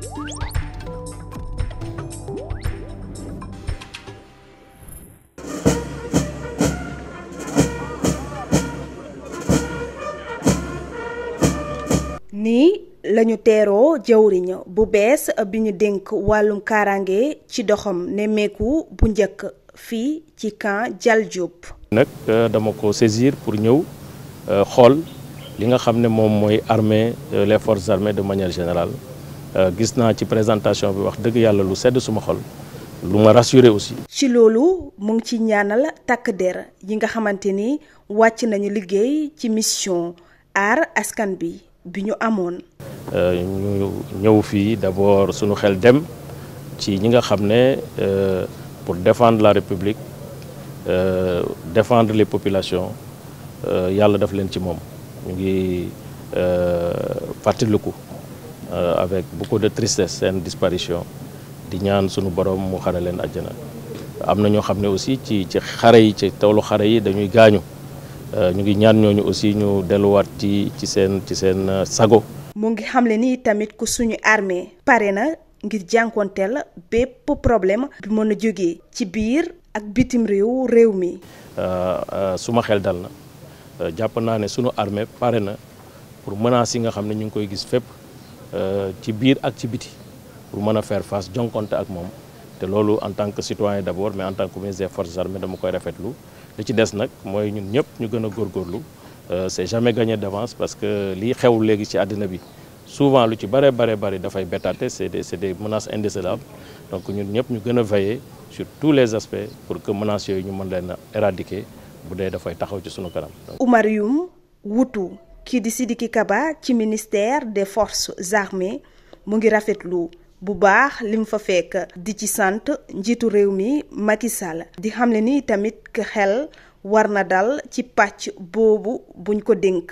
nii lañu teeroo jëwriñ bu bees bi ñu dénk wàllum kaaraange ci doxam nemmeeku bu njëkk fii ci camp Dial Diop. nag euh, dama ko saisir pour ñëw euh, xool li nga xam ne moom mooy armée euh, les forces de manière générale Euh, gis naa ci présentation bi wax dëgg yàlla lu sedd suma xol lu ma rassurer aussi. ci loolu mu ngi ci ñaanal takk der yi nga xamante ni wàcc nañu liggéey ci mission aar askan bi bi ñu amoon. Euh, ñu ñëw fii d'abord sunu xel dem ci ñi nga xam ne euh, pour défendre la république défendre les populations yàlla daf leen ci moom ñu ngi fàttaliku. Euh, avec beaucoup de tristesse seen disparition di ñaan sunu borom mu xare leen àjjana am na ñoo xam ne aussi ci ci xare yi ci toolu xare yi dañuy gaañu euh, ñu ngi ñaan ñooñu aussi ñu delluwaat ci ci seen ci seen euh, sago. mu ngi xamle ni tamit ku suñu armee pare na ngir jànkonteel bépp problème bi mën a jógee ci biir ak bitim réew réew mi. suma xel dal na jàpp naa ne suñu armée pare na pour menaces yi nga xam ne ñu ngi koy gis fépp. Euh, ci biir ak ci biti pour mën a faire face jonkonte ak moom te loolu en tant que citoyen d'abord mais en tant que ministre des forces armées dama koy rafetlu li ci des nag mooy ñun ñëpp ñu gën a góorgóorlu euh, c'est jamais gagné d'avance parce que lii xew léegi ci àddina bi souvent lu ci bare bare bari dafay bettaate c'est des c'est des menaces indécelables donc ñun ñëpp ñu gën a veiller sur tous les aspects pour que menance yooyu ñu man leen a éradiquer bu dee dafay taxaw ci sunu kanam. kii di Sidiki Kaba ci ministère des forces armées mu ngi rafet lu bu baax lim fa fekk di ci sant njiitu réew mi Macky di xamle ni tamit xel war na dal ci pàcc boobu buñ ko dénk.